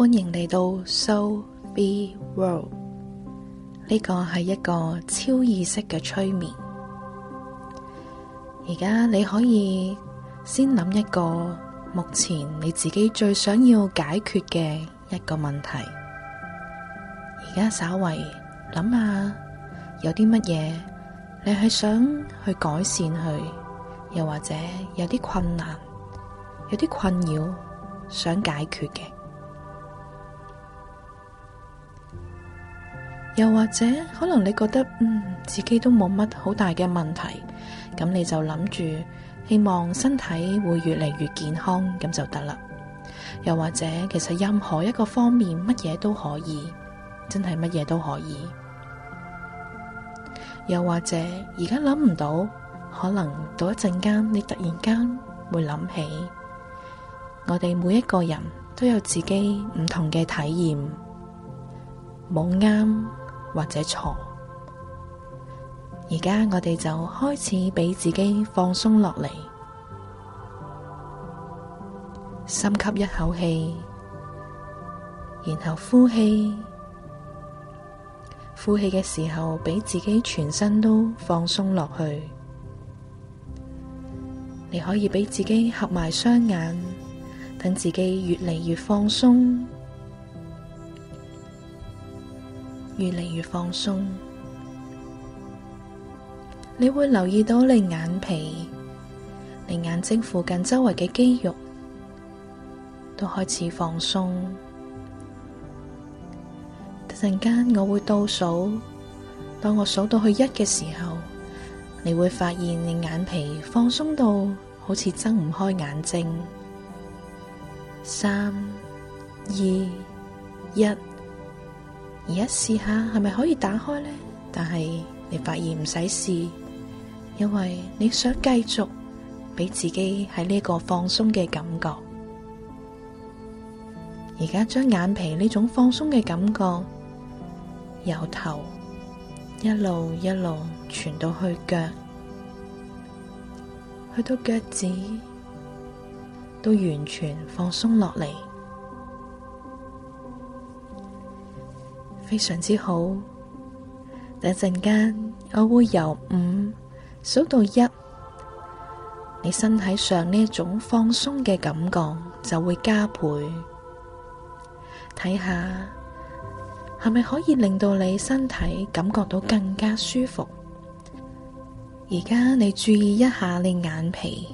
歡迎嚟到 Soul Free World，呢、這個係一個超意識嘅催眠。而家你可以先諗一個目前你自己最想要解決嘅一個問題。而家稍為諗下，有啲乜嘢你係想去改善佢，又或者有啲困難、有啲困擾想解決嘅。又或者，可能你覺得嗯，自己都冇乜好大嘅問題，咁你就諗住希望身體會越嚟越健康咁就得啦。又或者，其實任何一個方面，乜嘢都可以，真係乜嘢都可以。又或者，而家諗唔到，可能到一陣間，你突然間會諗起，我哋每一個人都有自己唔同嘅體驗，冇啱。或者床，而家我哋就開始俾自己放鬆落嚟，深吸一口氣，然後呼氣，呼氣嘅時候俾自己全身都放鬆落去。你可以俾自己合埋雙眼，等自己越嚟越放鬆。越嚟越放鬆，你會留意到你眼皮、你眼睛附近周圍嘅肌肉都開始放鬆。突然間，我會倒數，當我數到去一嘅時候，你會發現你眼皮放鬆到好似睜唔開眼睛。三、二、一。而家試下係咪可以打開咧？但係你發現唔使試，因為你想繼續俾自己喺呢個放鬆嘅感覺。而家將眼皮呢種放鬆嘅感覺由頭一路一路傳到去腳，去到腳趾，都完全放鬆落嚟。非常之好，等陣間我會由五數到一，你身體上呢一種放鬆嘅感覺就會加倍。睇下係咪可以令到你身體感覺到更加舒服。而家你注意一下，你眼皮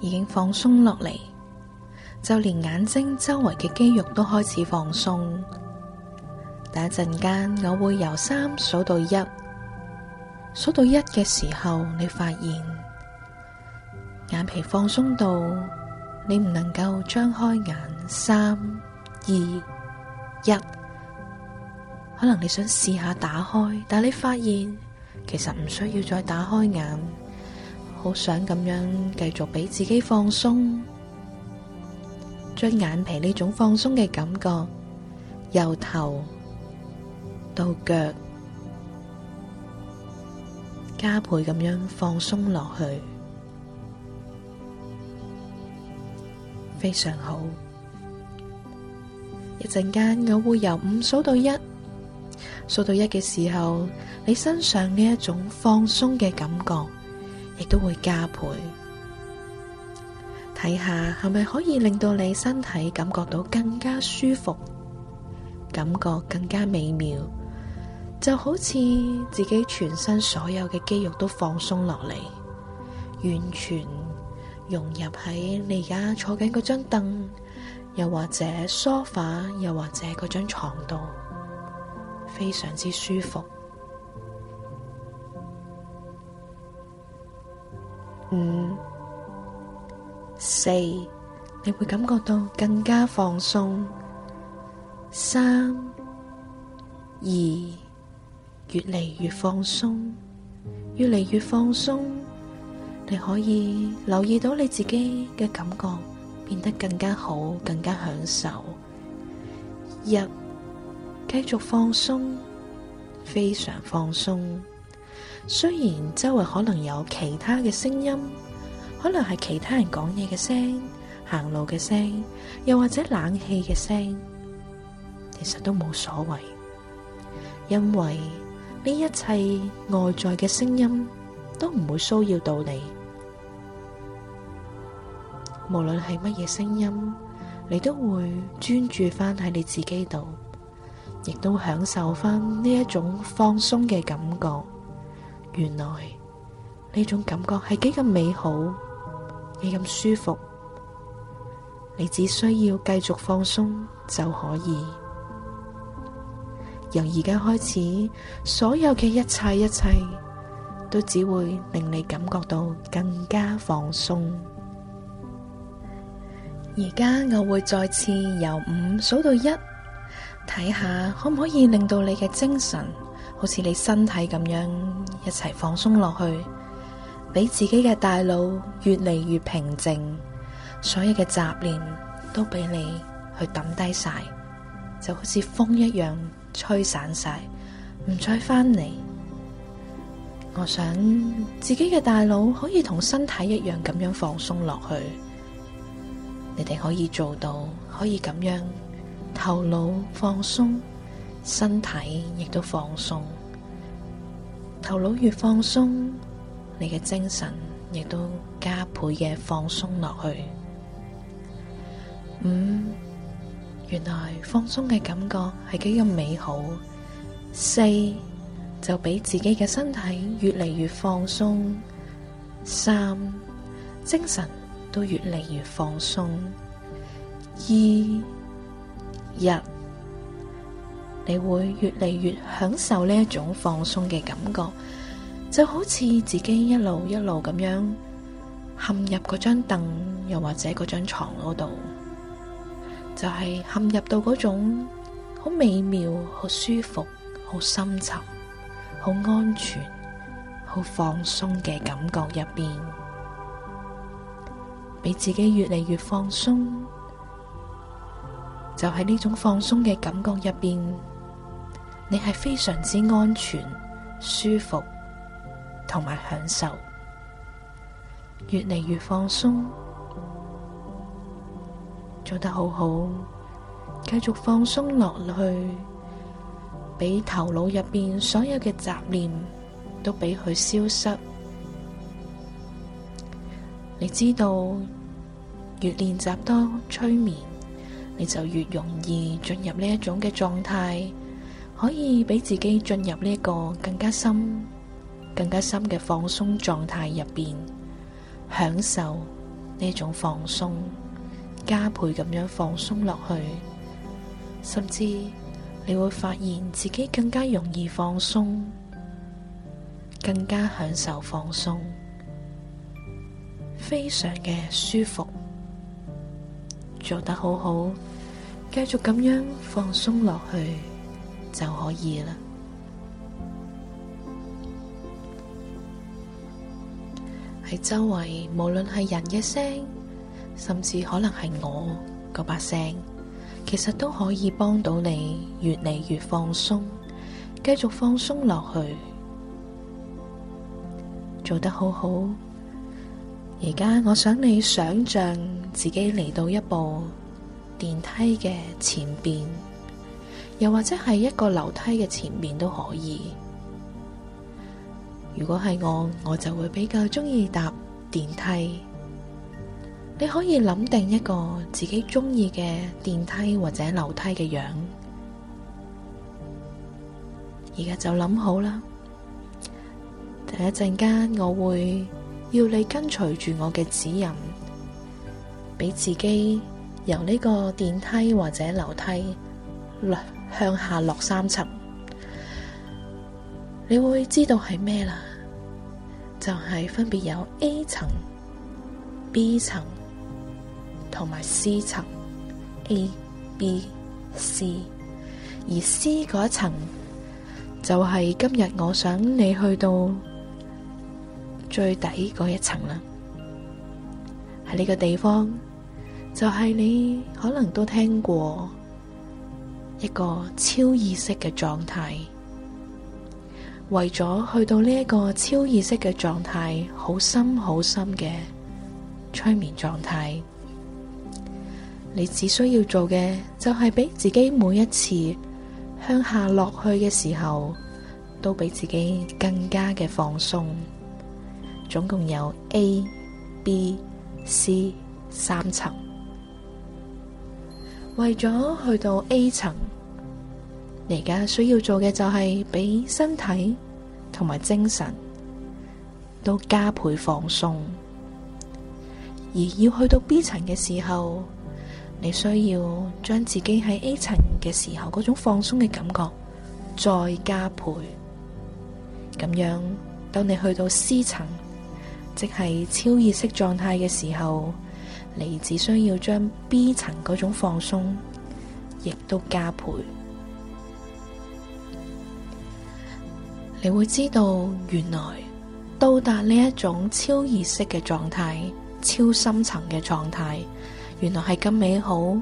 已經放鬆落嚟，就連眼睛周圍嘅肌肉都開始放鬆。等陣間，我會由三數到一，數到一嘅時候，你發現眼皮放鬆到你唔能夠張開眼，三二一，可能你想試下打開，但你發現其實唔需要再打開眼，好想咁樣繼續俾自己放鬆，將眼皮呢種放鬆嘅感覺由頭。到腳加倍咁樣放鬆落去，非常好。一陣間我會由五數到一，數到一嘅時候，你身上嘅一種放鬆嘅感覺，亦都會加倍。睇下係咪可以令到你身體感覺到更加舒服，感覺更加美妙。就好似自己全身所有嘅肌肉都放鬆落嚟，完全融入喺你而家坐緊嗰張凳，又或者梳化，又或者嗰張床度，非常之舒服。五、四，你會感覺到更加放鬆。三、二。越嚟越放鬆，越嚟越放鬆。你可以留意到你自己嘅感覺變得更加好，更加享受。一繼續放鬆，非常放鬆。雖然周圍可能有其他嘅聲音，可能係其他人講嘢嘅聲、行路嘅聲，又或者冷氣嘅聲，其實都冇所謂，因為，呢一切外在嘅聲音都唔會騷擾到你，無論係乜嘢聲音，你都會專注翻喺你自己度，亦都享受翻呢一種放鬆嘅感覺。原來，呢種感覺係幾咁美好，幾咁舒服。你只需要繼續放鬆就可以。由而家開始，所有嘅一切一切，都只會令你感覺到更加放鬆。而家我會再次由五數到一，睇下可唔可以令到你嘅精神，好似你身體咁樣一齊放鬆落去，俾自己嘅大腦越嚟越平靜，所有嘅雜念都俾你去抌低晒，就好似風一樣。吹散晒，唔再翻嚟。我想自己嘅大腦可以同身體一樣咁樣放鬆落去。你哋可以做到，可以咁樣頭腦放鬆，身體亦都放鬆。頭腦越放鬆，你嘅精神亦都加倍嘅放鬆落去。五、嗯。原來放鬆嘅感覺係幾咁美好，四，就俾自己嘅身體越嚟越放鬆，三，精神都越嚟越放鬆，二一，你會越嚟越享受呢一種放鬆嘅感覺，就好似自己一路一路咁樣陷入嗰張凳又或者嗰張床嗰度。就係陷入到嗰種好美妙、好舒服、好深沉、好安全、好放鬆嘅感覺入邊，俾自己越嚟越放鬆。就喺呢種放鬆嘅感覺入邊，你係非常之安全、舒服同埋享受，越嚟越放鬆。做得好好，繼續放鬆落去，俾頭腦入邊所有嘅雜念都俾佢消失。你知道，越練習多催眠，你就越容易進入呢一種嘅狀態，可以俾自己進入呢個更加深、更加深嘅放鬆狀態入邊，享受呢種放鬆。加倍咁樣放鬆落去，甚至你會發現自己更加容易放鬆，更加享受放鬆，非常嘅舒服，做得好好，繼續咁樣放鬆落去就可以啦。喺周圍，無論係人嘅聲。甚至可能係我個把聲，其實都可以幫到你越嚟越放鬆，繼續放鬆落去，做得好好。而家我想你想象自己嚟到一部電梯嘅前面，又或者係一個樓梯嘅前面都可以。如果係我，我就會比較鍾意搭電梯。你可以諗定一個自己中意嘅電梯或者樓梯嘅樣，而家就諗好啦。第一陣間我會要你跟隨住我嘅指引，俾自己由呢個電梯或者樓梯向下落三層，你會知道係咩啦？就係分別有 A 層、B 層。同埋 C 層 A、B、C，而 C 嗰一層就係今日我想你去到最底嗰一層啦。喺呢個地方，就係你可能都聽過一個超意識嘅狀態，為咗去到呢一個超意識嘅狀態，好深好深嘅催眠狀態。你只需要做嘅就係俾自己每一次向下落去嘅時候，都比自己更加嘅放鬆。總共有 A、B、C 三層，為咗去到 A 層，你而家需要做嘅就係俾身體同埋精神都加倍放鬆，而要去到 B 層嘅時候。你需要將自己喺 A 層嘅時候嗰種放鬆嘅感覺再加倍，咁樣當你去到 C 層，即係超意識狀態嘅時候，你只需要將 B 層嗰種放鬆亦都加倍，你會知道原來到達呢一種超意識嘅狀態、超深層嘅狀態。原來係咁美好，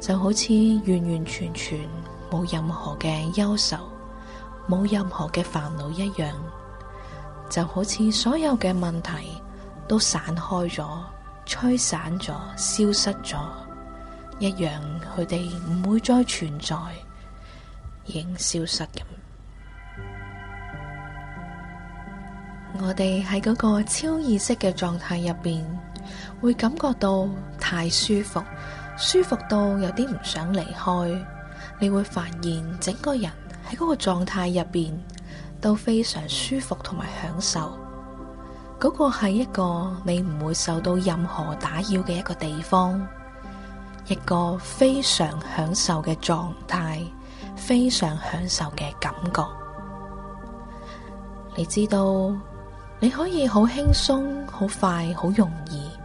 就好似完完全全冇任何嘅憂愁，冇任何嘅煩惱一樣，就好似所有嘅問題都散開咗、吹散咗、消失咗一樣，佢哋唔會再存在，已經消失咁。 我哋喺嗰個超意識嘅狀態入邊。會感覺到太舒服，舒服到有啲唔想離開。你會發現整個人喺嗰個狀態入邊都非常舒服同埋享受。嗰個係一個你唔會受到任何打擾嘅一個地方，一個非常享受嘅狀態，非常享受嘅感覺。你知道，你可以好輕鬆、好快、好容易。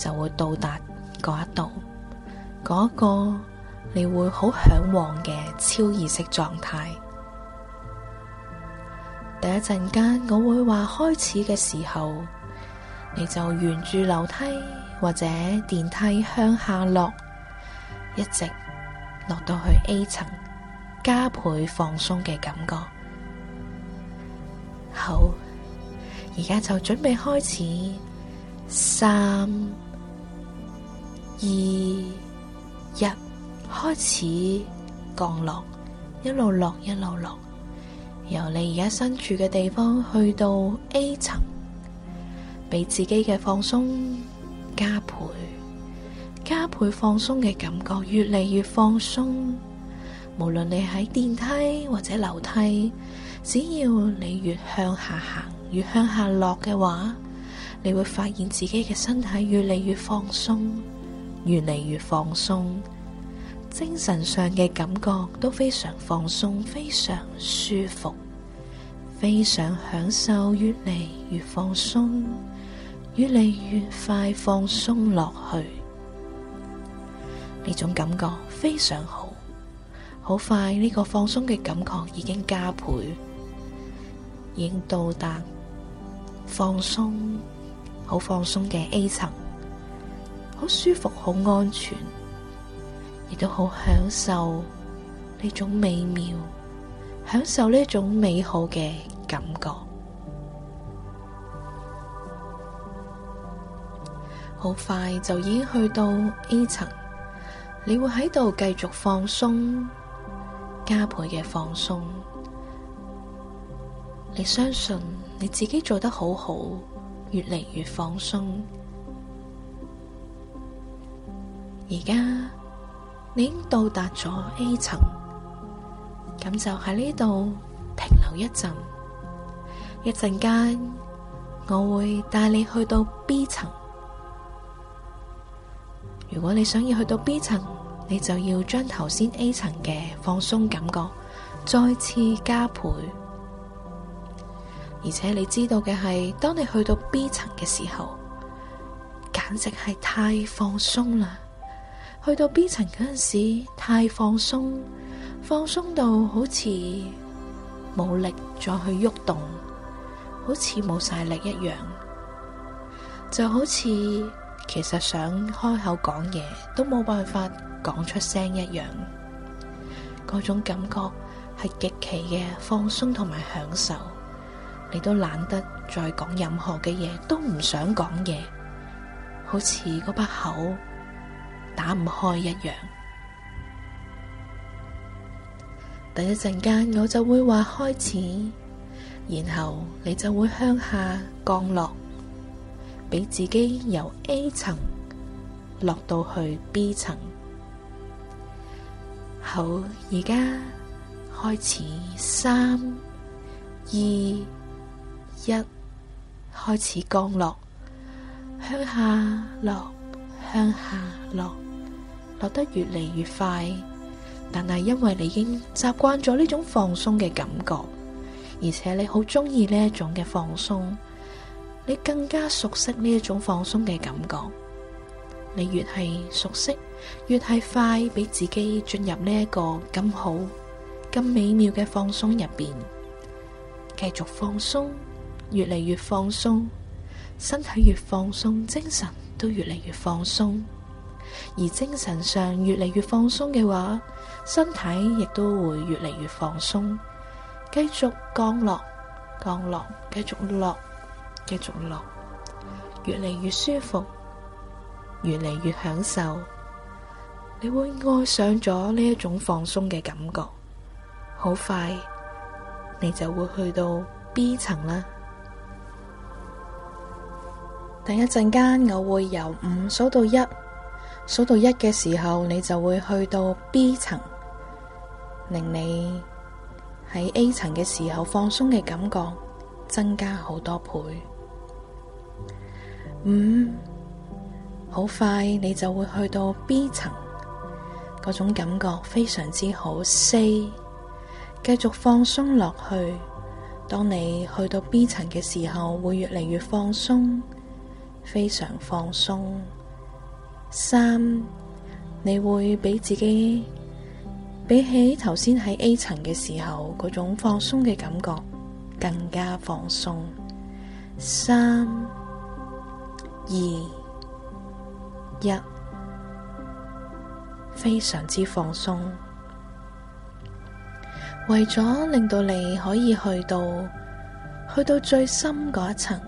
就會到達嗰一度，嗰個你會好向往嘅超意識狀態。第一陣間我會話開始嘅時候，你就沿住樓梯或者電梯向下落，一直落到去 A 層，加倍放鬆嘅感覺。好，而家就準備開始，三。二日開始降落，一路落一路落，由你而家身處嘅地方去到 A 層，俾自己嘅放鬆加倍，加倍放鬆嘅感覺越嚟越放鬆。無論你喺電梯或者樓梯，只要你越向下行越向下落嘅話，你會發現自己嘅身體越嚟越放鬆。越嚟越放鬆，精神上嘅感覺都非常放鬆，非常舒服，非常享受。越嚟越放鬆，越嚟越快放鬆落去，呢種感覺非常好。好快呢個放鬆嘅感覺已經加倍，已經到達放鬆，好放鬆嘅 A 層。好舒服，好安全，亦都好享受呢種美妙，享受呢種美好嘅感覺。好 快就已經去到呢層，你會喺度繼續放鬆，加倍嘅放鬆。你相信你自己做得好好，越嚟越放鬆。而家你已經到達咗 A 層，咁就喺呢度停留一陣，一陣間我會帶你去到 B 層。如果你想要去到 B 層，你就要將頭先 A 層嘅放鬆感覺再次加倍，而且你知道嘅係，當你去到 B 層嘅時候，簡直係太放鬆啦。去到 B 層嗰陣時，太放鬆，放鬆到好似冇力再去喐動，好似冇晒力一樣，就好似其實想開口講嘢都冇辦法講出聲一樣。嗰種感覺係極其嘅放鬆同埋享受，你都懶得再講任何嘅嘢，都唔想講嘢，好似嗰把口。打唔開一樣，等一陣間我就會話開始，然後你就會向下降落，畀自己由 A 層落到去 B 層。好，而家開始，三二一，3, 2, 1, 開始降落，向下落。向下落，落得越嚟越快。但係因為你已經習慣咗呢種放鬆嘅感覺，而且你好中意呢一種嘅放鬆，你更加熟悉呢一種放鬆嘅感覺。你越係熟悉，越係快俾自己進入呢一個咁好、咁美妙嘅放鬆入邊，繼續放鬆，越嚟越放鬆，身體越放鬆，精神，都越嚟越放鬆，而精神上越嚟越放鬆嘅話，身體亦都會越嚟越放鬆，繼續降落，降落，繼續落，繼續落，越嚟越舒服，越嚟越享受，你會愛上咗呢一種放鬆嘅感覺，好快，你就會去到 B 層啦。等一陣間，我會由五數到一，數到一嘅時候，你就會去到 B 層，令你喺 A 層嘅時候放鬆嘅感覺增加好多倍。五，好快你就會去到 B 層，嗰種感覺非常之好。四，繼續放鬆落去。當你去到 B 層嘅時候，會越嚟越放鬆。非常放鬆，三你會畀自己比起頭先喺 A 層嘅時候種放鬆嘅感覺更加放鬆，三二一非常之放鬆，為咗令到你可以去到去到最深嗰一層，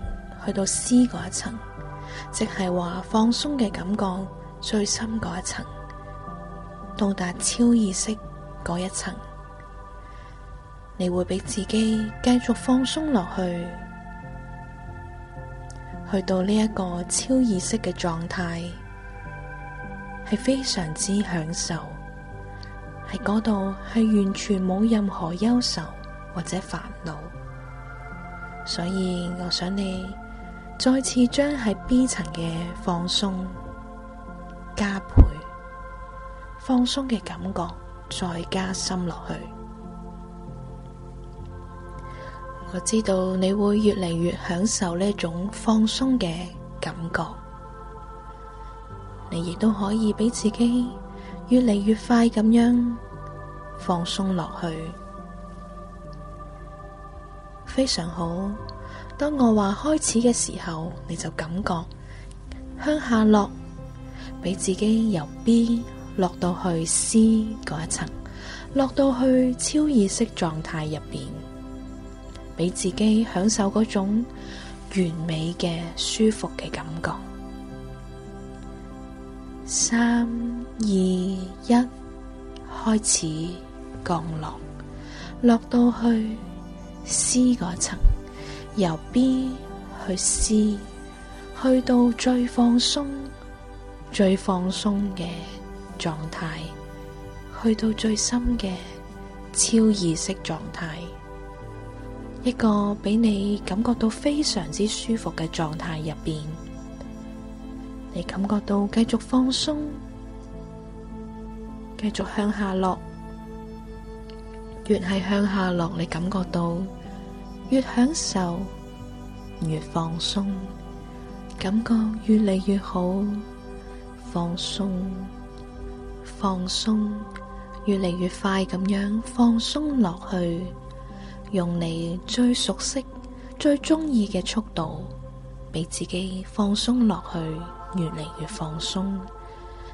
去到 C 嗰一層。即係話放鬆嘅感覺最深嗰一層，到達超意識嗰一層，你會俾自己繼續放鬆落去，去到呢一個超意識嘅狀態，係非常之享受，喺嗰度係完全冇任何憂愁或者煩惱，所以我想你。再次將喺 B 層嘅放鬆加倍，放鬆嘅感覺再加深落去。我知道你會越嚟越享受呢一種放鬆嘅感覺，你亦都可以俾自己越嚟越快咁樣放鬆落去，非常好。當我話開始嘅時候，你就感覺向下落，俾自己由 B 落到去 C 嗰一層，落到去超意識狀態入邊，俾自己享受嗰種完美嘅舒服嘅感覺。三二一，開始降落，落到去 C 嗰層。由 B 去 C，去到最放鬆、最放鬆嘅狀態，去到最深嘅超意識狀態，一個俾你感覺到非常之舒服嘅狀態入邊，你感覺到繼續放鬆，繼續向下落，越係向下落，你感覺到。越享受，越放鬆，感覺越嚟越好。放鬆，放鬆，越嚟越快咁樣放鬆落去，用你最熟悉、最中意嘅速度，俾自己放鬆落去，越嚟越放鬆，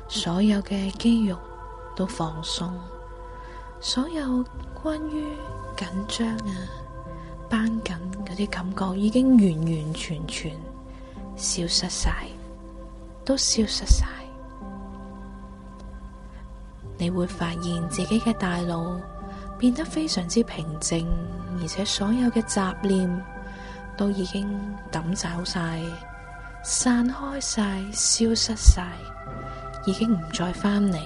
所有嘅肌肉都放鬆，所有關於緊張啊～繃緊嗰啲感覺已經完完全全消失晒，都消失晒。你會發現自己嘅大腦變得非常之平靜，而且所有嘅雜念都已經抌走晒、散開晒、消失晒，已經唔再翻嚟。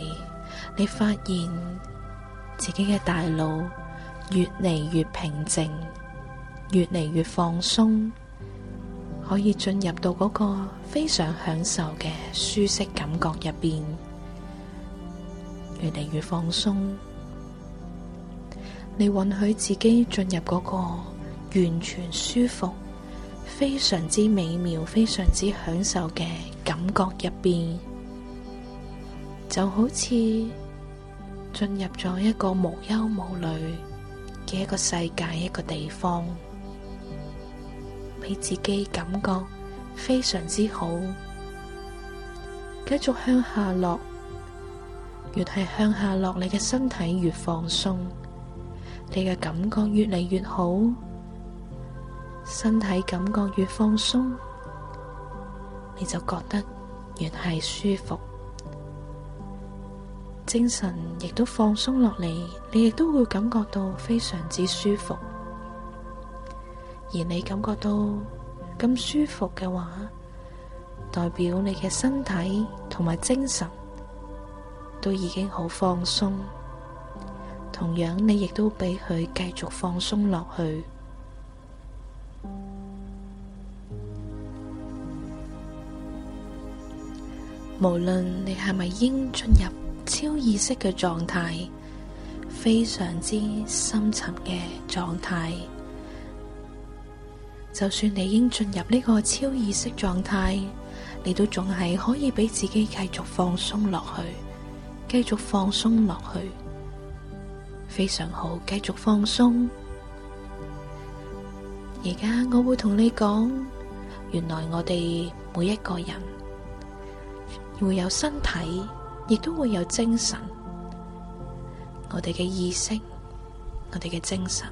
你發現自己嘅大腦越嚟越平靜。越嚟越放鬆，可以進入到嗰個非常享受嘅舒適感覺入邊。越嚟越放鬆，你允許自己進入嗰個完全舒服、非常之美妙、非常之享受嘅感覺入邊，就好似進入咗一個無憂無慮嘅一個世界、一個地方。俾自己感覺非常之好，繼續向下落，越係向下落，你嘅身體越放鬆，你嘅感覺越嚟越好，身體感覺越放鬆，你就覺得越係舒服，精神亦都放鬆落嚟，你亦都會感覺到非常之舒服。而你感覺到咁舒服嘅話，代表你嘅身體同埋精神都已經好放鬆。同樣，你亦都俾佢繼續放鬆落去。無論你係咪應進入超意識嘅狀態，非常之深沉嘅狀態。就算你已經進入呢個超意識狀態，你都仲係可以俾自己繼續放鬆落去，繼續放鬆落去，非常好。繼續放鬆。而家我會同你講，原來我哋每一個人會有身體，亦都會有精神，我哋嘅意識，我哋嘅精神。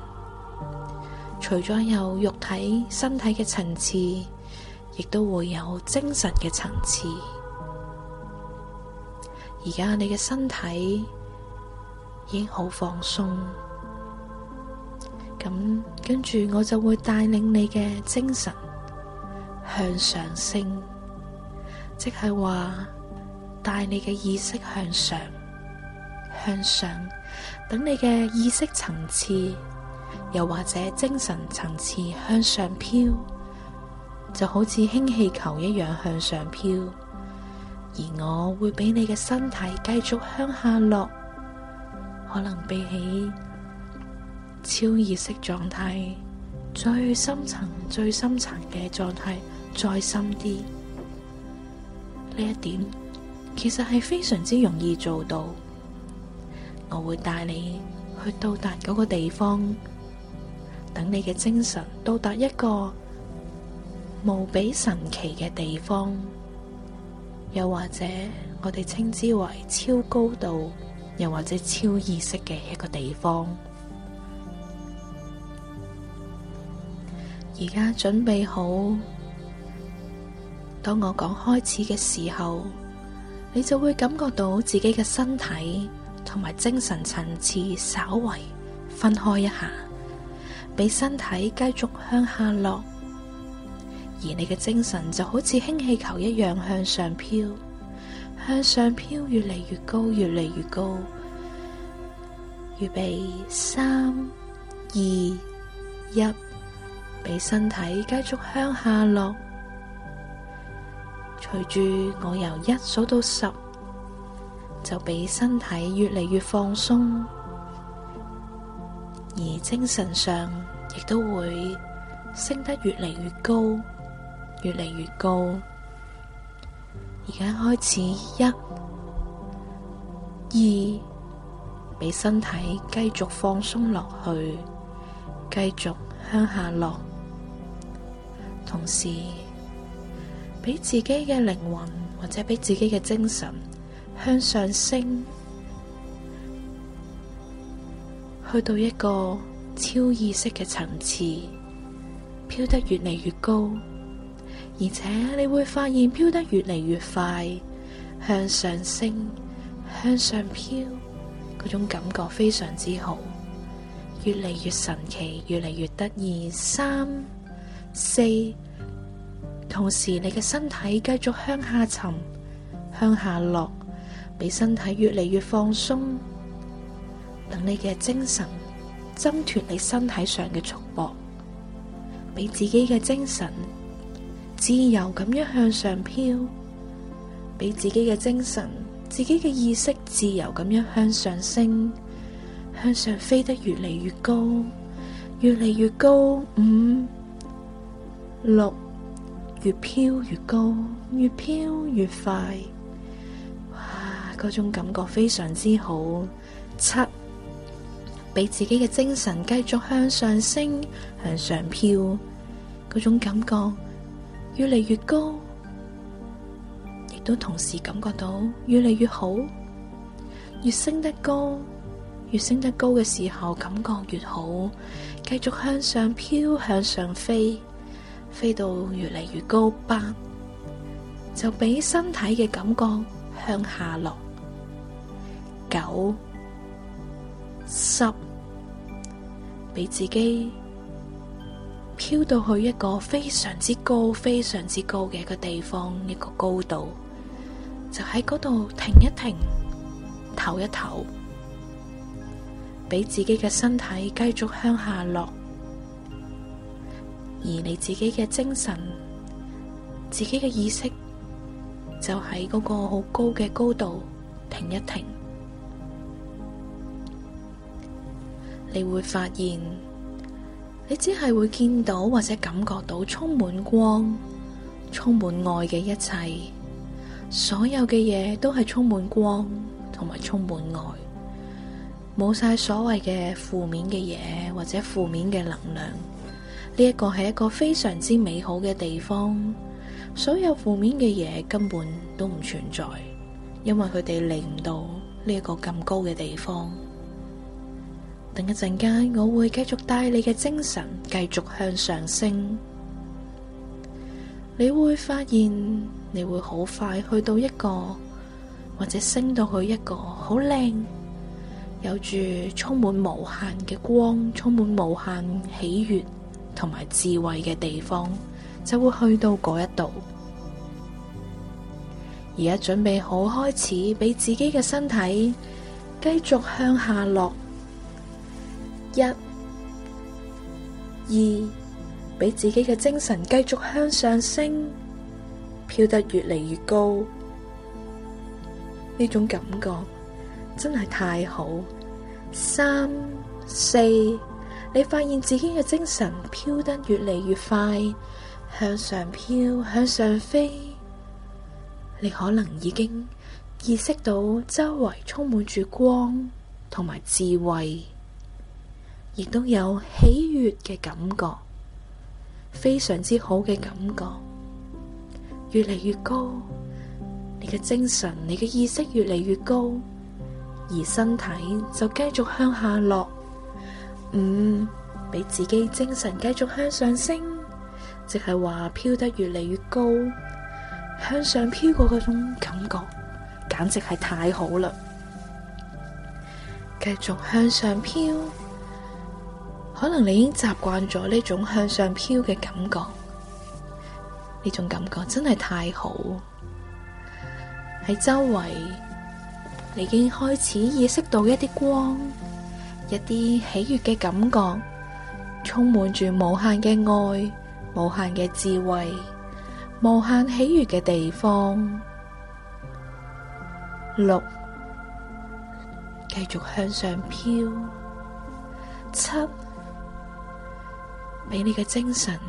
除咗有肉體、身體嘅層次，亦都會有精神嘅層次。而家你嘅身體已經好放鬆，咁跟住我就會帶領你嘅精神向上升，即係話帶你嘅意識向上，向上，等你嘅意識層次。又或者精神層次向上飄，就好似氫氣球一樣向上飄，而我會俾你嘅身體繼續向下落，可能比起超意識狀態最深層、最深層嘅狀態再深啲。呢一點其實係非常之容易做到，我會帶你去到達嗰個地方。等你嘅精神到達一個無比神奇嘅地方，又或者我哋稱之為超高度，又或者超意識嘅一個地方。而家準備好，當我講開始嘅時候，你就會感覺到自己嘅身體同埋精神層次稍為分開一下。俾身體繼續向下落，而你嘅精神就好似氫氣球一樣向上飄，向上飄越嚟越高，越嚟越高。預備三、二、一，俾身體繼續向下落。隨住我由一數到十，就俾身體越嚟越放鬆。而精神上亦都會升得越嚟越高，越嚟越高。而家開始，一、二，俾身體繼續放鬆落去，繼續向下落，同時俾自己嘅靈魂或者俾自己嘅精神向上升。去到一個超意識嘅層次，飄得越嚟越高，而且你會發現飄得越嚟越快，向上升，向上飄，嗰種感覺非常之好，越嚟越神奇，越嚟越得意。三、四，同時你嘅身體繼續向下沉，向下落，俾身體越嚟越放鬆。等你嘅精神掙脫你身體上嘅束縛，俾自己嘅精神自由咁樣向上飄，俾自己嘅精神、自己嘅意識自由咁樣向上升，向上飛得越嚟越高，越嚟越高，五六，越飄越高，越飄越快，哇！嗰種感覺非常之好。七俾自己嘅精神繼續向上升，向上飄，嗰種感覺越嚟越高，亦都同時感覺到越嚟越好。越升得高，越升得高嘅時候感覺越好，繼續向上飄，向上飛，飛到越嚟越高八，8，就俾身體嘅感覺向下落九。9，濕，俾自己飄到去一個非常之高、非常之高嘅一個地方，一個高度，就喺嗰度停一停，唞一唞，俾自己嘅身體繼續向下落，而你自己嘅精神、自己嘅意識，就喺嗰個好高嘅高度停一停。你會發現，你只係會見到或者感覺到充滿光、充滿愛嘅一切，所有嘅嘢都係充滿光同埋充滿愛，冇晒所謂嘅負面嘅嘢，或者負面嘅能量。呢一個係一個非常之美好嘅地方，所有負面嘅嘢，根本都唔存在，因為佢哋嚟,唔到呢一個咁高嘅地方。等一陣間，我會繼續帶你嘅精神繼續向上升，你會發現你會好快去到一個或者升到去一個好靚，有住充滿無限嘅光，充滿無限喜悅同埋智慧嘅地方，就會去到嗰一度。而家準備好開始，俾自己嘅身體繼續向下落。一、二，俾自己嘅精神繼續向上升，飄得越嚟越高，呢種感覺真係太好。三、四，你發現自己嘅精神飄得越嚟越快，向上飄，向上飛。你可能已經意識到周圍充滿住光同埋智慧。亦都有喜悅嘅感覺，非常之好嘅感覺。越嚟越高，你嘅精神、你嘅意識越嚟越高，而身體就繼續向下落。嗯，畀自己精神繼續向上升，即係話飄得越嚟越高，向上飄過嗰種感覺，簡直係太好啦！繼續向上飄。可能你已經習慣咗呢種向上飄嘅感覺，呢種感覺真係太好。喺周圍，你已經開始意識到一啲光，一啲喜悅嘅感覺，充滿住無限嘅愛、無限嘅智慧、無限喜悅嘅地方。六，繼續向上飄。七。畀你嘅精神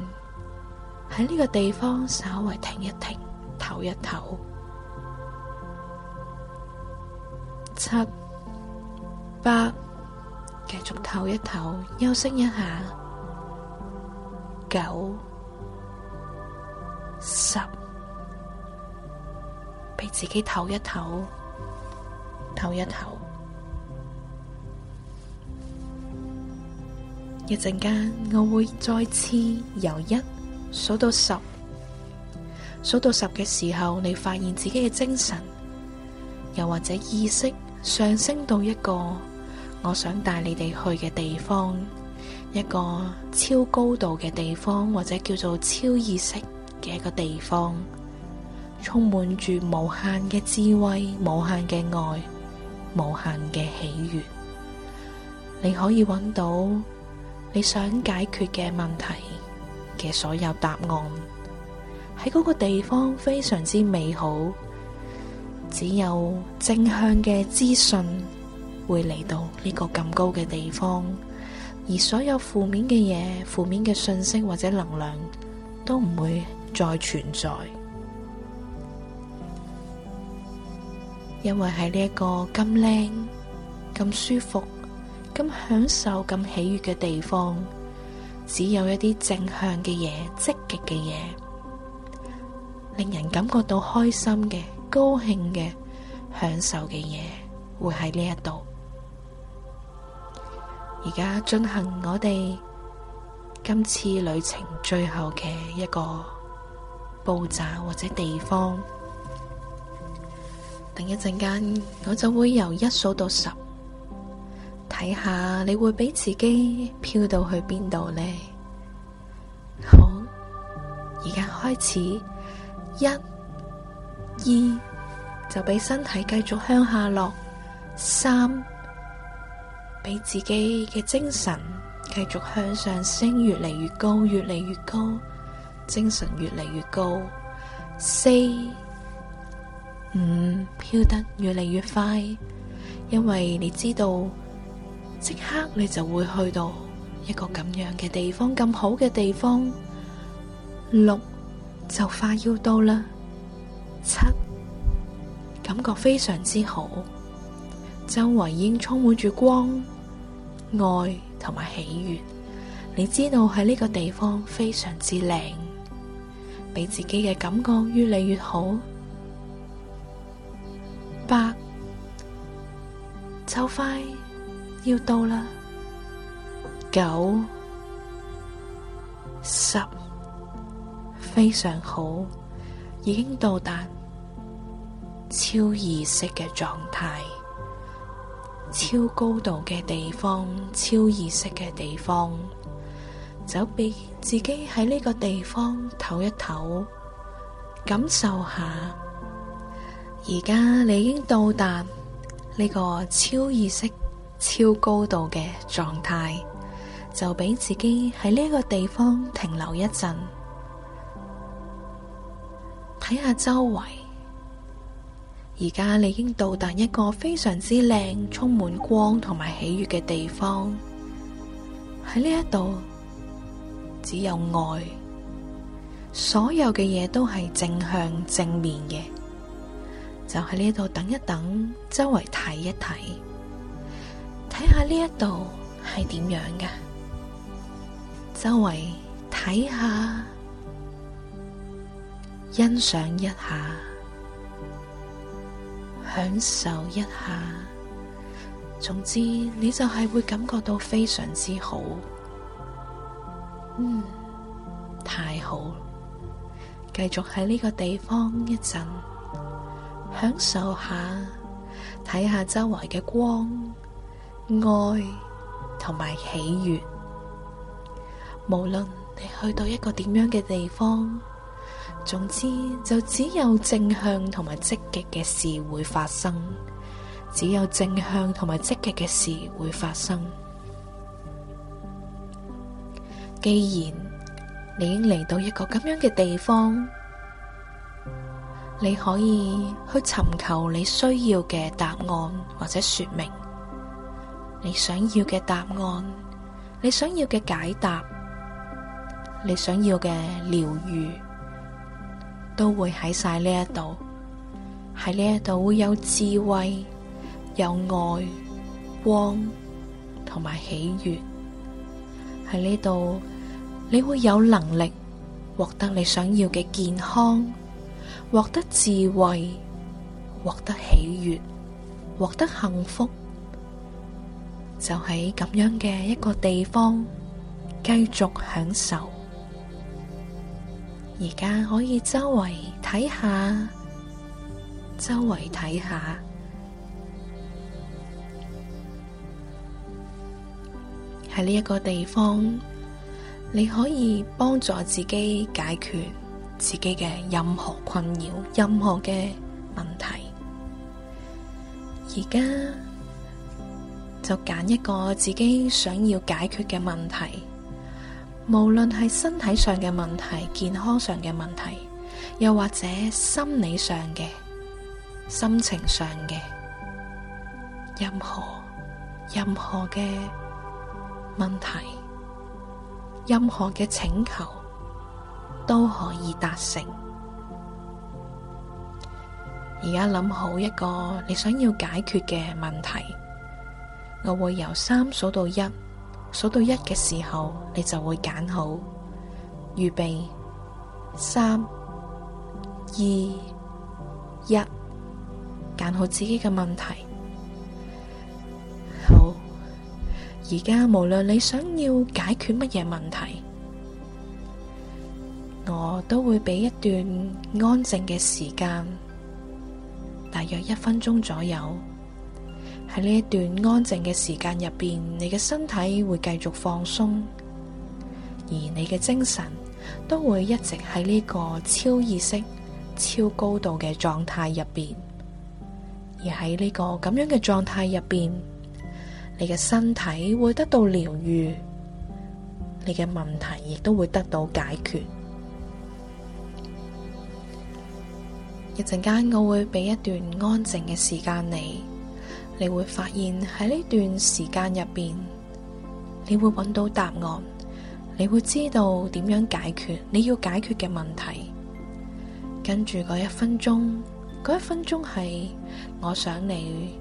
喺呢個地方稍為停一停，唞一唞，七、八，繼續唞一唞，休息一下，九、十，畀自己唞一唞，唞一唞。一陣間我會再次由一數到十，數到十嘅時候，你發現自己嘅精神又或者意識上升到一個我想帶你哋去嘅地方，一個超高度嘅地方，或者叫做超意識嘅一個地方，充滿住無限嘅智慧、無限嘅愛、無限嘅喜悅，你可以揾到。你想解決嘅問題嘅所有答案，喺嗰個地方非常之美好，只有正向嘅資訊會嚟到呢個咁高嘅地方，而所有負面嘅嘢、負面嘅信息或者能量都唔會再存在，因為喺呢一個咁靚咁舒服，咁享受、咁喜悅嘅地方，只有一啲正向嘅嘢、積極嘅嘢，令人感覺到開心嘅、高興嘅、享受嘅嘢，會喺呢一度。而家進行我哋今次旅程最後嘅一個步驟，或者地方。等一陣間，我就會由一數到十。睇下你會俾自己飄到去邊度呢？好，而家開始一、二就俾身體繼續向下落，三俾自己嘅精神繼續向上升，越嚟越高，越嚟越高，精神越嚟越高，四、五飄得越嚟越快，因為你知道。即刻你就會去到一個咁樣嘅地方，咁好嘅地方。六，就快要到啦，七，感覺非常之好，周圍已經充滿住光、愛同埋喜悅。你知道喺呢個地方非常之靚，俾自己嘅感覺越嚟越好。八，就快。要到啦，九、十，非常好，已經到達超意識嘅狀態，超高度嘅地方，超意識嘅地方，就俾自己喺呢個地方唞一唞，感受下，而家你已經到達呢個超意識。超高度嘅狀態，就俾自己喺呢個地方停留一陣，睇下周圍。而家你已經到達一個非常之靚、充滿光同埋喜悅嘅地方。喺呢一度，只有愛，所有嘅嘢都係正向正面嘅。就喺呢度等一等，周圍睇一睇。睇下呢一度係點樣嘅，周圍睇下，欣賞一下，享受一下，總之你就係會感覺到非常之好，嗯，太好，繼續喺呢個地方一陣，享受下，睇下周圍嘅光。愛同埋喜悅，無論你去到一個點樣嘅地方，總之就只有正向同埋積極嘅事會發生。只有正向同埋積極嘅事會發生。既然你已經嚟到一個咁樣嘅地方，你可以去尋求你需要嘅答案或者說明。你想要嘅答案，你想要嘅解答，你想要嘅療癒，都會喺晒呢一度。喺呢一度會有智慧、有愛、光同埋喜悅。喺呢度你會有能力獲得你想要嘅健康，獲得智慧，獲得喜悅，獲得幸福。就喺咁樣嘅一個地方繼續享受。而家可以周圍睇下，周圍睇下，喺呢一個地方，你可以幫助自己解決自己嘅任何困擾、任何嘅問題。而家。就揀一個自己想要解決嘅問題，無論係身體上嘅問題、健康上嘅問題，又或者心理上嘅、心情上嘅，任何任何嘅問題、任何嘅請求都可以達成。而家諗好一個你想要解決嘅問題。我會由三數到一，數到一嘅時候，你就會揀好預備，三二一，揀好自己嘅問題。好，而家無論你想要解決乜嘢問題，我都會俾一段安靜嘅時間，大約一分鐘左右。喺呢一段安靜嘅時間入邊，你嘅身體會繼續放鬆，而你嘅精神都會一直喺呢個超意識、超高度嘅狀態入邊。而喺呢個咁樣嘅狀態入邊，你嘅身體會得到療愈，你嘅問題亦都會得到解決。一陣間，我會俾一段安靜嘅時間你。你會發現喺呢段時間入邊，你會揾到答案，你會知道點樣解決你要解決嘅問題。跟住嗰一分鐘，嗰一分鐘係我想你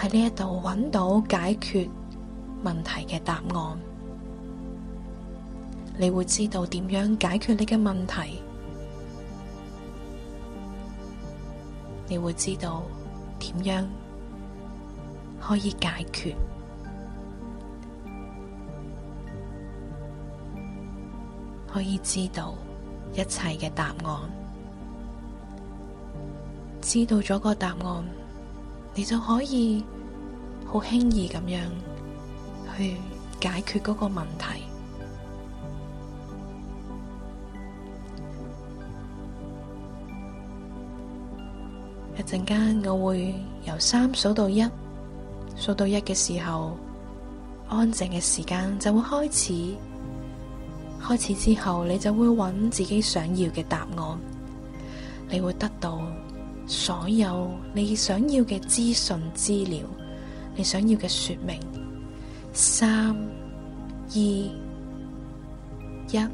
喺呢一度揾到解決問題嘅答案。你會知道點樣解決你嘅問題，你會知道點樣。可以解決，可以知道一切嘅答案。知道咗個答案，你就可以好輕易咁樣去解決嗰個問題。一陣間，我會由三數到一。數到一嘅時候，安靜嘅時間就會開始。開始之後，你就會揾自己想要嘅答案，你會得到所有你想要嘅資訊資料，你想要嘅說明。三、二、一，開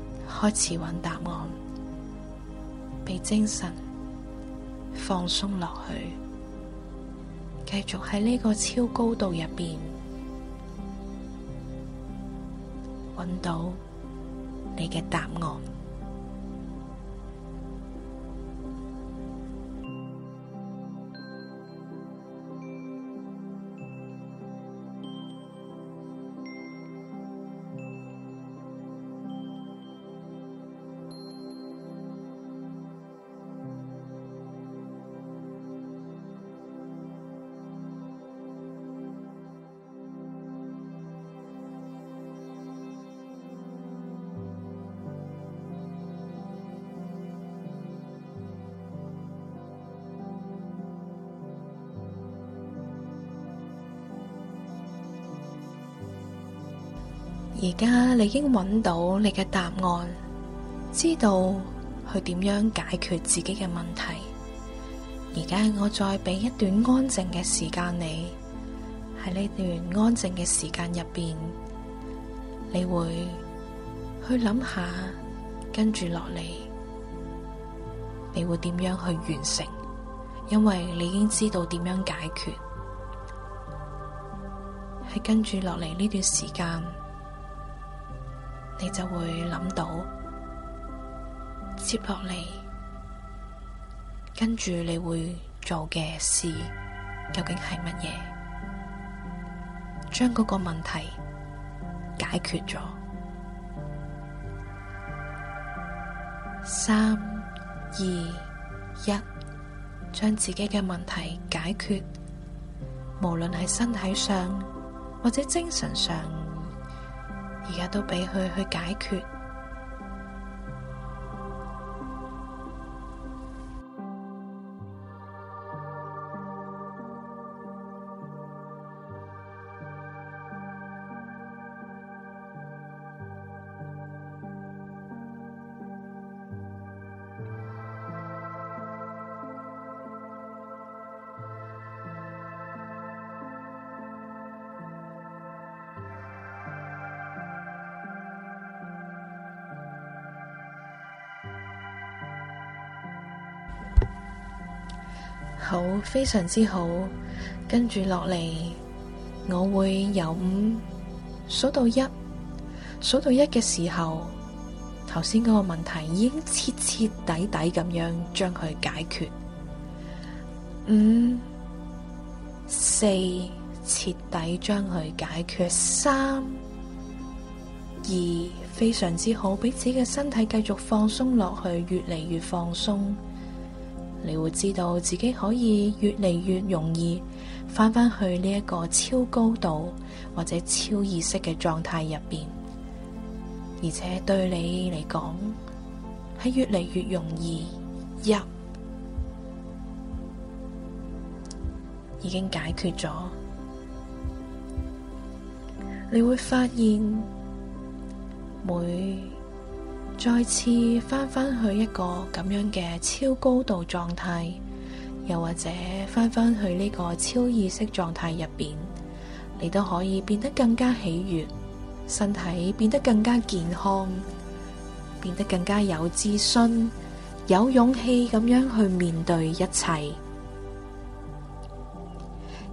始揾答案，畀精神放鬆落去。繼續喺呢個超高度入邊，揾到你嘅答案。而家你已經揾到你嘅答案，知道去點樣解決自己嘅問題。而家我再俾一段安靜嘅時間你，喺呢段安靜嘅時間入邊，你會去諗下，跟住落嚟，你會點樣去完成？因為你已經知道點樣解決，係跟住落嚟呢段時間。你就會諗到，接落嚟跟住你會做嘅事究竟係乜嘢？將嗰個問題解決咗。三二一，將自己嘅問題解決，無論係身體上或者精神上。而家都俾佢去解決。好，非常之好。跟住落嚟，我會由五數到一，數到一嘅時候，頭先嗰個問題已經徹徹底底咁樣將佢解決。五、四徹底將佢解決，三、二非常之好，俾自己嘅身體繼續放鬆落去，越嚟越放鬆。你會知道自己可以越嚟越容易翻返去呢一個超高度或者超意識嘅狀態入邊，而且對你嚟講係越嚟越容易入，已經解決咗。你會發現每再次翻返去一個咁樣嘅超高度狀態，又或者翻返去呢個超意識狀態入邊，你都可以變得更加喜悅，身體變得更加健康，變得更加有自信、有勇氣咁樣去面對一切。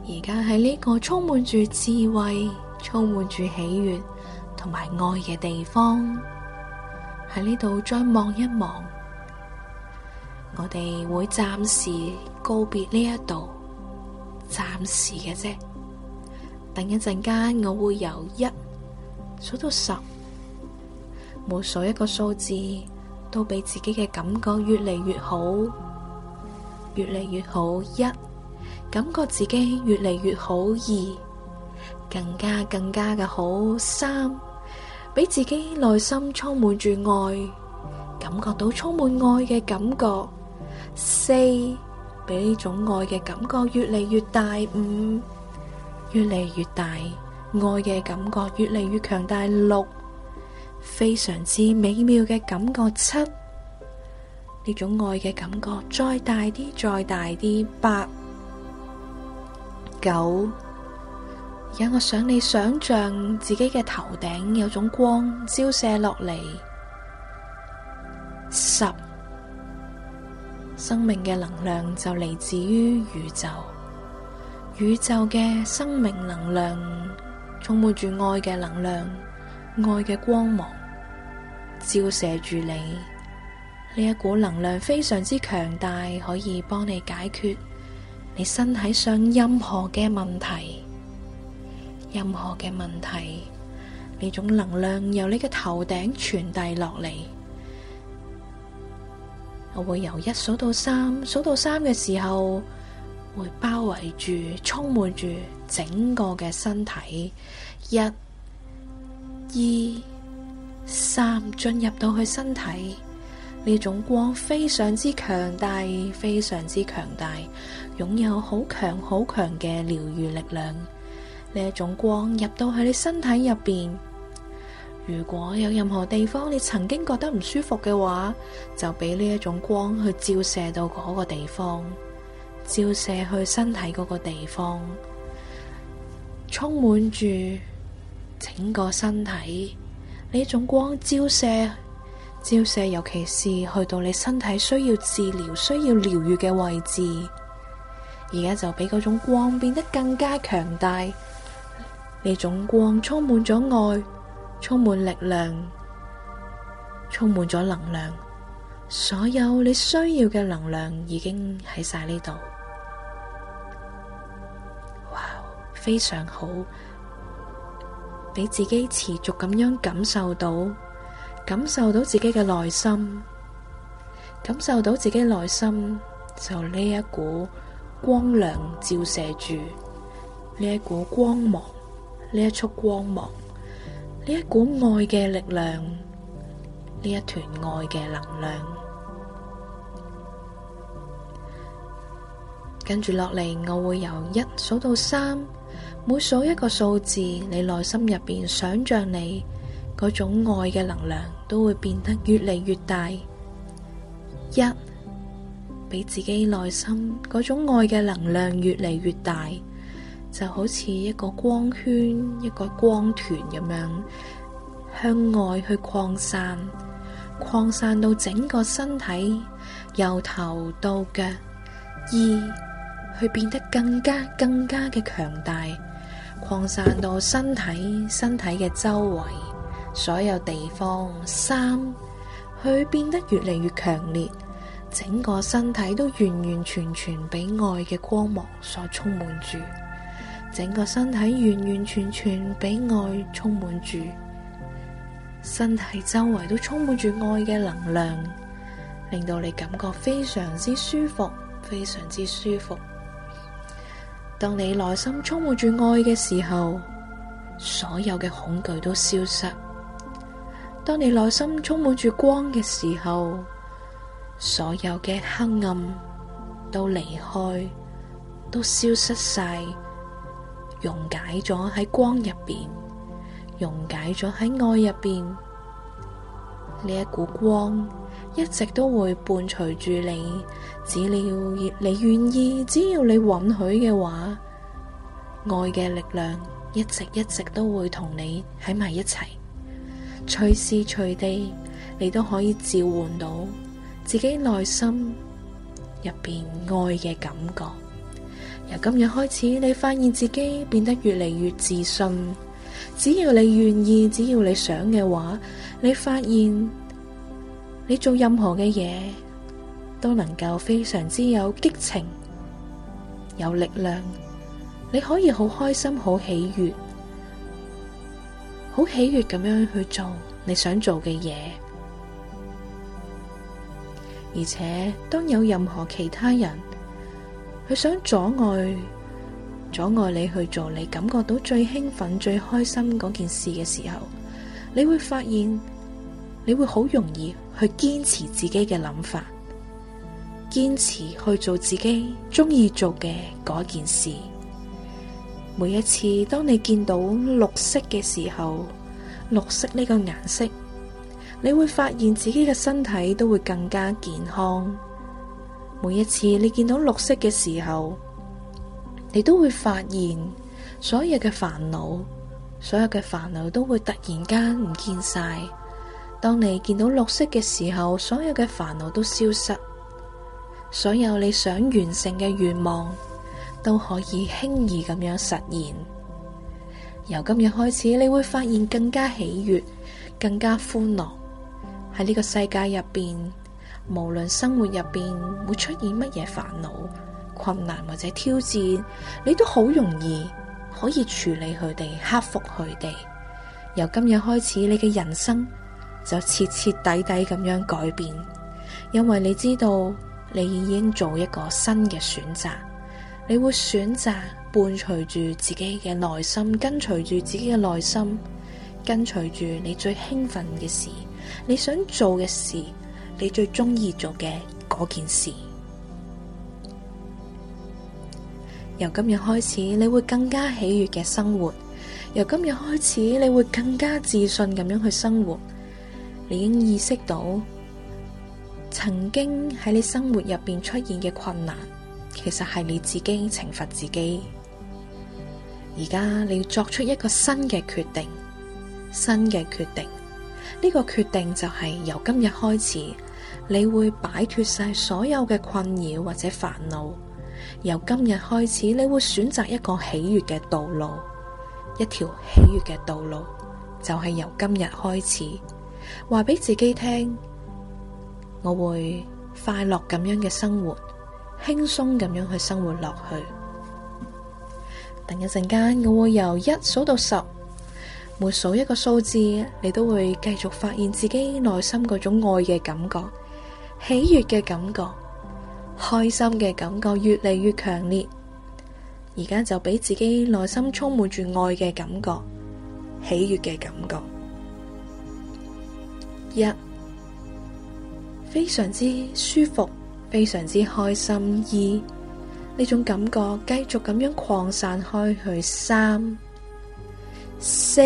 而家喺呢個充滿住智慧、充滿住喜悅同埋愛嘅地方。喺呢度再望一望，我哋會暫時告別呢一度，暫時嘅啫。等一陣間，我會由一數到十，每數一個數字，都俾自己嘅感覺越嚟越好，越嚟越好。一，感覺自己越嚟越好。二，更加更加嘅好。三。俾自己內心充滿住愛，感覺到充滿愛嘅感覺。四，俾呢種愛嘅感覺越嚟越大，五，越嚟越大，愛嘅感覺越嚟越強大。六，非常之美妙嘅感覺。七，呢種愛嘅感覺再大啲，再大啲。八，九。有我想你想象自己嘅頭頂有種光照射落嚟，十，生命嘅能量就嚟自於宇宙，宇宙嘅生命能量充滿住愛嘅能量，愛嘅光芒照射住你，呢一股能量非常之強大，可以幫你解決你身體上任何嘅問題。任何嘅問題，呢種能量由你嘅頭頂傳遞落嚟，我會由一數到三，數到三嘅時候會包圍住、充滿住整個嘅身體，一、二、三進入到佢身體，呢種光非常之強大，非常之強大，擁有好強好強嘅療癒力量。呢一種光入到去你身體入邊，如果有任何地方你曾經覺得唔舒服嘅話，就俾呢一種光去照射到嗰個地方，照射去身體嗰個地方，充滿住整個身體，呢種光照射照射，尤其是去到你身體需要治療、需要療愈嘅位置，而家就俾嗰種光變得更加強大。呢種光充滿咗愛，充滿力量，充滿咗能量。所有你需要嘅能量已經喺晒呢度。哇，非常好，俾自己持續咁樣感受到，感受到自己嘅內心，感受到自己內心就呢一股光亮照射住呢一股光芒。呢一束光芒，呢一股愛嘅力量，呢一團愛嘅能量。跟住落嚟，我會由一數到三，每數一個數字，你內心入邊想象你嗰種愛嘅能量都會變得越嚟越大。一，俾自己內心嗰種愛嘅能量越嚟越大。就好似一個光圈，一個光團咁樣向外去擴散，擴散到整個身體，由頭到腳，二，去變得更加更加嘅強大，擴散到身體，身體嘅周圍，所有地方。三，去變得越嚟越強烈，整個身體都完完全全俾愛嘅光芒所充滿住。整個身體完完全全俾愛充滿住，身體周圍都充滿住愛嘅能量，令到你感覺非常之舒服，非常之舒服。當你內心充滿住愛嘅時候，所有嘅恐懼都消失；當你內心充滿住光嘅時候，所有嘅黑暗都離開，都消失晒。溶解咗喺光入邊，溶解咗喺愛入邊，呢一股光一直都會伴隨住你。只要你願意，只要你允許嘅話，愛嘅力量一直一直都會同你喺埋一齊。隨時隨地，你都可以召喚到自己內心入邊愛嘅感覺。由今日開始，你發現自己變得越嚟越自信。只要你願意，只要你想嘅話，你發現你做任何嘅嘢都能夠非常之有激情、有力量。你可以好開心、好喜悅，好喜悅咁樣去做你想做嘅嘢。而且，當有任何其他人，佢想阻礙，阻礙你去做你感覺到最興奮、最開心嗰件事嘅時候，你會發現你會好容易去堅持自己嘅諗法，堅持去做自己中意做嘅嗰件事。每一次當你見到綠色嘅時候，綠色呢個顏色，你會發現自己嘅身體都會更加健康。每一次你見到綠色嘅時候，你都會發現所有嘅煩惱，所有嘅煩惱都會突然間唔見晒。當你見到綠色嘅時候，所有嘅煩惱都消失，所有你想完成嘅願望都可以輕易咁樣實現。由今日開始，你會發現更加喜悦，更加歡樂喺呢個世界入邊。無論生活入邊會出現乜嘢煩惱、困難或者挑戰，你都好容易可以處理佢哋、克服佢哋。由今日開始，你嘅人生就徹徹底底咁樣改變，因為你知道你已經做一個新嘅選擇，你會選擇伴隨住自己嘅內心，跟隨住自己嘅內心，跟隨住你最興奮嘅事，你想做嘅事。你最鍾意做嘅嗰件事，由今日開始你會更加喜悅嘅生活；由今日開始你會更加自信咁樣去生活。你已經意識到，曾經喺你生活入邊出現嘅困難，其實係你自己懲罰自己。而家你要作出一個新嘅決定，新嘅決定。呢個決定就係由今日開始，你會擺脫晒所有嘅困擾或者煩惱。由今日開始，你會選擇一個喜悅嘅道路，一條喜悅嘅道路就係由今日開始，話俾自己聽，我會快樂咁樣嘅生活，輕鬆咁樣去生活落去。等一陣間，我會由一數到十。每數一個數字，你都會繼續發現自己內心嗰種愛嘅感覺、喜悦嘅感覺、開心嘅感覺越嚟越強烈。而家就俾自己內心充滿住愛嘅感覺、喜悦嘅感覺，一，非常之舒服，非常之開心。二，呢種感覺繼續咁樣擴散開去三。3. 四，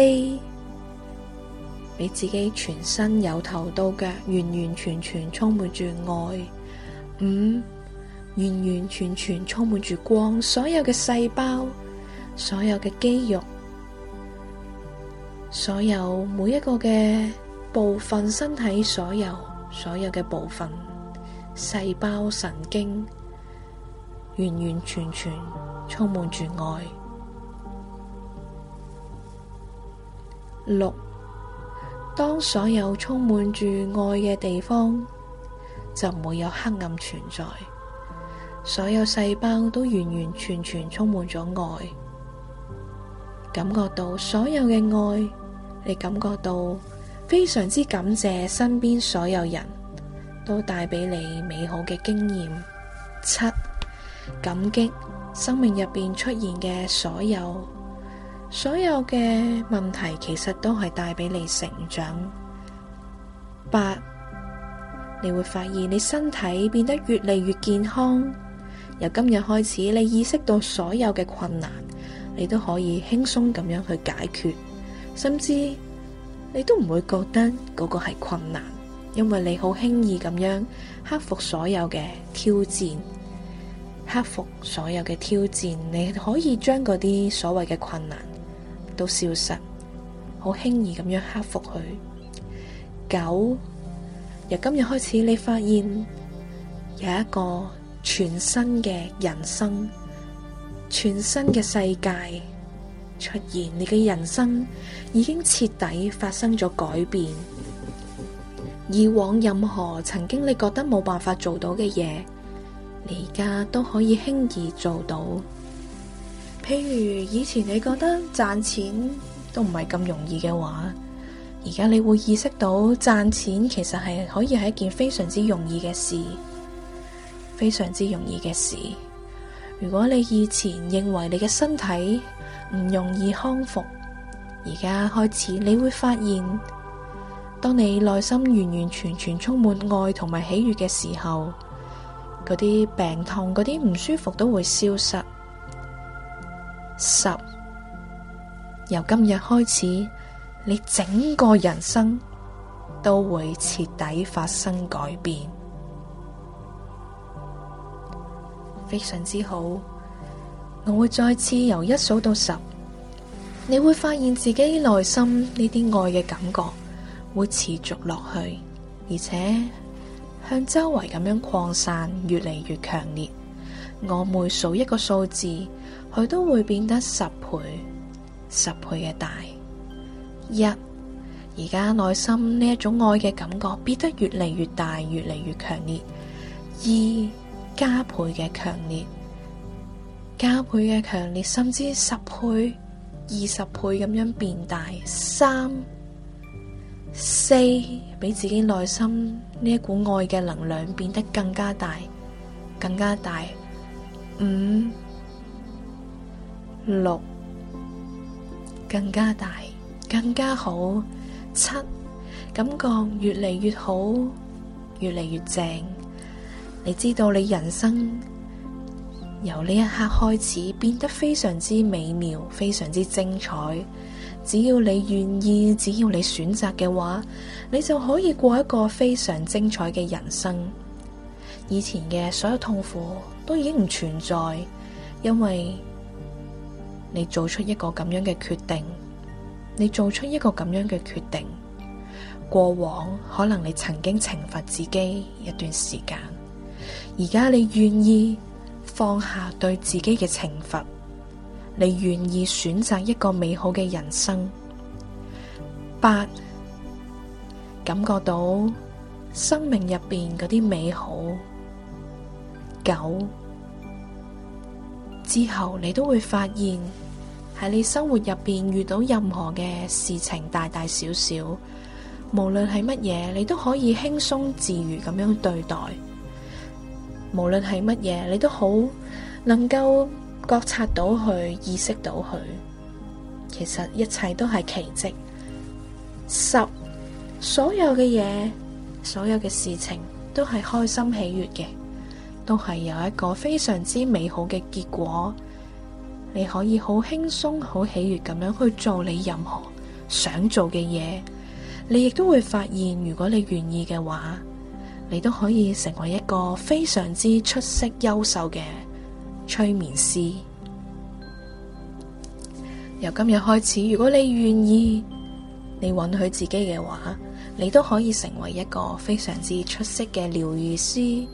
俾自己全身由頭到腳，完完全全充滿住愛。五，完完全全充滿住光，所有嘅細胞，所有嘅肌肉，所有每一個嘅部分身體所，所有所有嘅部分細胞神經，完完全全充滿住愛。六，當所有充滿住愛嘅地方，就唔會有黑暗存在。所有細胞都完完全全充滿咗愛，感覺到所有嘅愛，你感覺到非常之感謝身邊所有人都帶俾你美好嘅經驗。七，感激生命入邊出現嘅所有。所有嘅問題其實都係帶俾你成長。八，你會發現你身體變得越嚟越健康。由今日開始，你意識到所有嘅困難，你都可以輕鬆咁樣去解決，甚至你都唔會覺得嗰個係困難，因為你好輕易咁樣克服所有嘅挑戰，克服所有嘅挑戰，你可以將嗰啲所謂嘅困難都消失，好輕易咁樣克服佢。九，由今日開始，你發現有一個全新嘅人生，全新嘅世界出現。你嘅人生已經徹底發生咗改變。以往任何曾經你覺得冇辦法做到嘅嘢，你而家都可以輕易做到。譬如以前你覺得賺錢都唔係咁容易嘅話，而家你會意識到賺錢其實係可以係一件非常之容易嘅事，非常之容易嘅事。如果你以前認為你嘅身體唔容易康復，而家開始你會發現，當你內心完完全全充滿愛同埋喜悅嘅時候，嗰啲病痛、嗰啲唔舒服都會消失。十，由今日開始，你整個人生都會徹底發生改變，非常之好。我會再次由一數到十，你會發現自己內心呢啲愛嘅感覺會持續落去，而且向周圍咁樣擴散，越嚟越強烈。我每數一個數字。佢都會變得十倍、十倍嘅大。一、而家內心呢一種愛嘅感覺變得越嚟越大，越嚟越強烈。二、加倍嘅強烈，加倍嘅強烈，甚至十倍、二十倍咁樣變大。三、四，俾自己內心呢一股愛嘅能量變得更加大、更加大。五。六、更加大，更加好。七、感覺越嚟越好，越嚟越正。你知道你人生由呢一刻開始變得非常之美妙，非常之精彩。只要你願意，只要你選擇嘅話，你就可以過一個非常精彩嘅人生。以前嘅所有痛苦都已經唔存在，因為。你做出一個咁樣嘅決定，你做出一個咁樣嘅決定。過往可能你曾經懲罰自己一段時間，而家你願意放下對自己嘅懲罰，你願意選擇一個美好嘅人生。八感覺到生命入邊嗰啲美好。九之後你都會發現。喺你生活入邊遇到任何嘅事情，大大小小，無論係乜嘢，你都可以輕鬆自如咁樣去對待。無論係乜嘢，你都好能夠覺察到佢，意識到佢。其實一切都係奇蹟。十所有嘅嘢，所有嘅事情，都係開心喜悅嘅，都係有一個非常之美好嘅結果。你可以好輕鬆、好喜悅咁樣去做你任何想做嘅嘢，你亦都會發現，如果你願意嘅話，你都可以成為一個非常之出色、優秀嘅催眠師。由今日開始，如果你願意，你允許自己嘅話，你都可以成為一個非常之出色嘅療癒師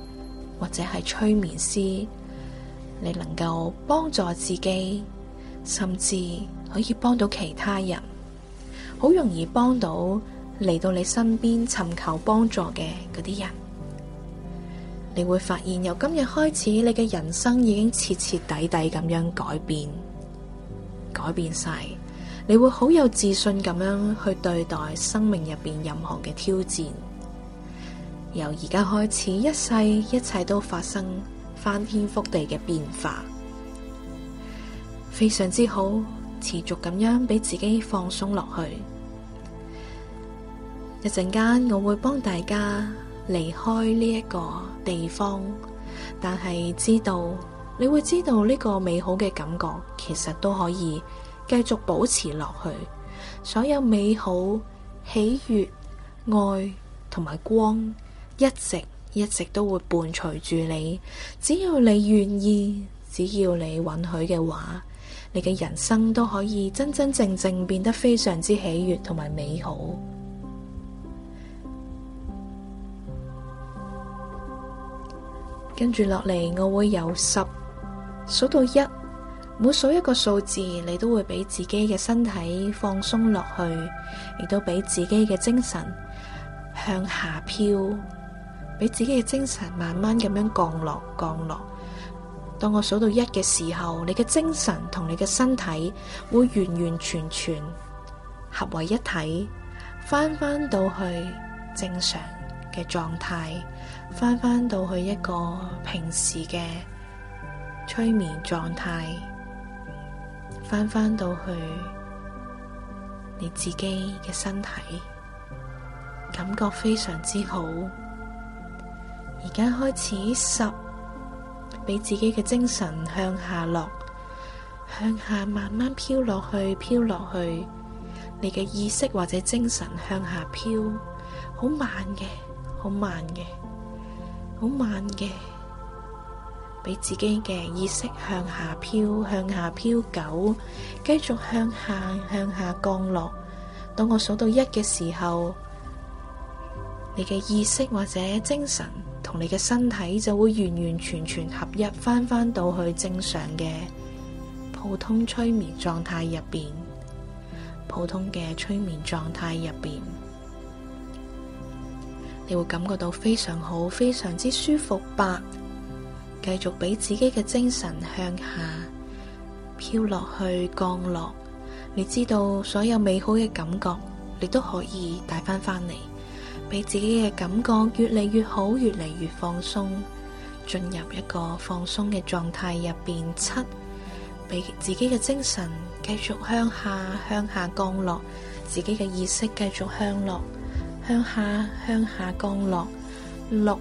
或者係催眠師。你能夠幫助自己，甚至可以幫到其他人，好容易幫到嚟到你身邊尋求幫助嘅嗰啲人。你會發現由今日開始，你嘅人生已經徹徹底底咁樣改變，改變晒。你會好有自信咁樣去對待生命入邊任何嘅挑戰。由而家開始，一世一切都發生。翻天覆地嘅變化，非常之好，持續咁樣俾自己放鬆落去。一陣間，我會幫大家離開呢一個地方，但係知道，你會知道呢個美好嘅感覺，其實都可以繼續保持落去。所有美好、喜悅、愛同埋光一直，一直都會伴隨住你，只要你願意，只要你允許嘅話，你嘅人生都可以真真正正變得非常之喜悦同埋美好。跟住落嚟，我會由十數到一，每數一個數字，你都會俾自己嘅身體放鬆落去，亦都俾自己嘅精神向下飄，你自己嘅精神慢慢咁樣降落降落。當我數到一嘅時候，你嘅精神同你嘅身體會完完全全合為一體，翻返到去正常嘅狀態，翻返到去一個平時嘅催眠狀態，翻返到去你自己嘅身體，感覺非常之好。而家開始十，俾自己嘅精神向下落，向下慢慢飄落去，飄落去。你嘅意識或者精神向下飄，好慢嘅，好慢嘅，好慢嘅。俾自己嘅意識向下飄，向下飄九，繼續向下，向下降落。當我數到一嘅時候，你嘅意識或者精神。同你嘅身體就會完完全全合一，翻翻到去正常嘅普通催眠狀態入邊，普通嘅催眠狀態入邊，你會感覺到非常好，非常之舒服吧。繼續俾自己嘅精神向下飄落去降落，你知道所有美好嘅感覺，你都可以帶翻翻嚟。俾自己嘅感覺越嚟越好，越嚟越放鬆，進入一個放鬆嘅狀態入邊。七，俾自己嘅精神繼續向下向下降落，自己嘅意識繼續向下，向下向下降落。六，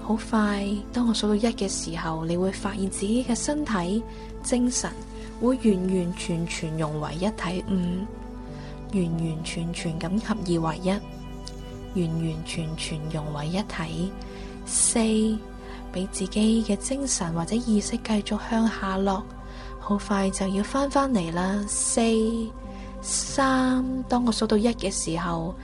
好快。當我數到一嘅時候，你會發現自己嘅身體精神會完完全全融為一體。五，完完全全咁合二為一。完完全全融為一體。四，俾自己嘅精神或者意識繼續向下落，好快就要翻返嚟啦。四、三，當我數到一嘅時候，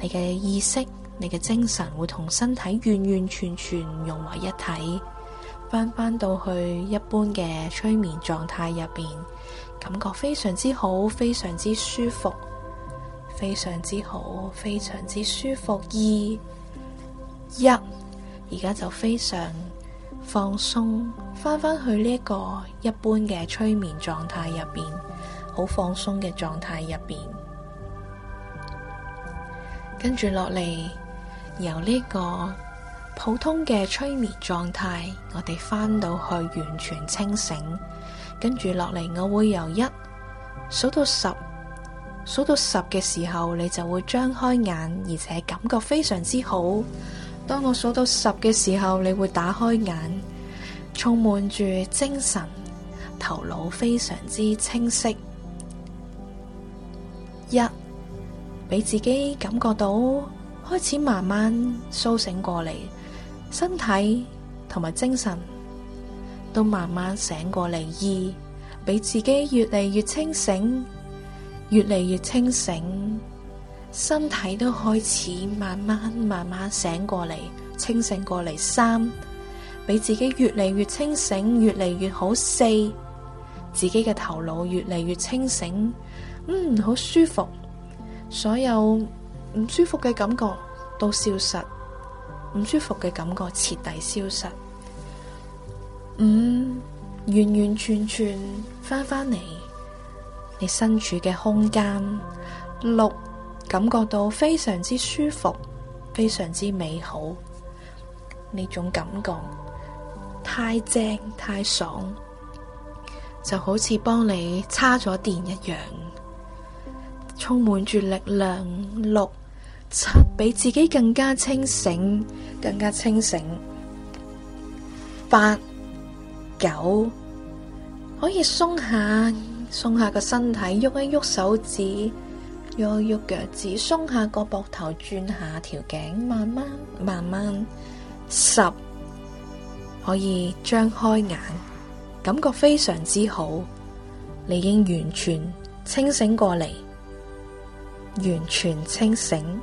你嘅意識、你嘅精神會同身體完完全全融為一體，翻翻到去一般嘅催眠狀態入邊，感覺非常之好，非常之舒服。非常之好，非常之舒服。二一，而家就非常放鬆，翻返去呢個一般嘅催眠狀態入邊，好放鬆嘅狀態入邊。跟住落嚟，由呢個普通嘅催眠狀態，我哋翻到去完全清醒。跟住落嚟，我會由一數到十。數到十嘅時候，你就會張開眼，而且感覺非常之好。當我數到十嘅時候，你會打開眼，充滿住精神，頭腦非常之清晰。一、俾自己感覺到開始慢慢蘇醒過嚟，身體同埋精神都慢慢醒過嚟。二、俾自己越嚟越清醒。越嚟越清醒，身體都開始慢慢慢慢醒過嚟，清醒過嚟。三，俾自己越嚟越清醒，越嚟越好。四，自己嘅頭腦越嚟越清醒，嗯，好舒服。所有唔舒服嘅感覺都消失，唔舒服嘅感覺徹底消失。五，嗯，完完全全翻返嚟。你身處嘅空間。六，感覺到非常之舒服，非常之美好。呢種感覺太正太爽，就好似幫你叉咗電一樣，充滿住力量。六七，畀自己更加清醒，更加清醒。八九，可以鬆下。鬆下個身體，喐一喐手指，喐一喐腳趾，鬆下個膊頭，轉下條頸，慢慢慢慢，十可以張開眼，感覺非常之好，你已經完全清醒過嚟，完全清醒。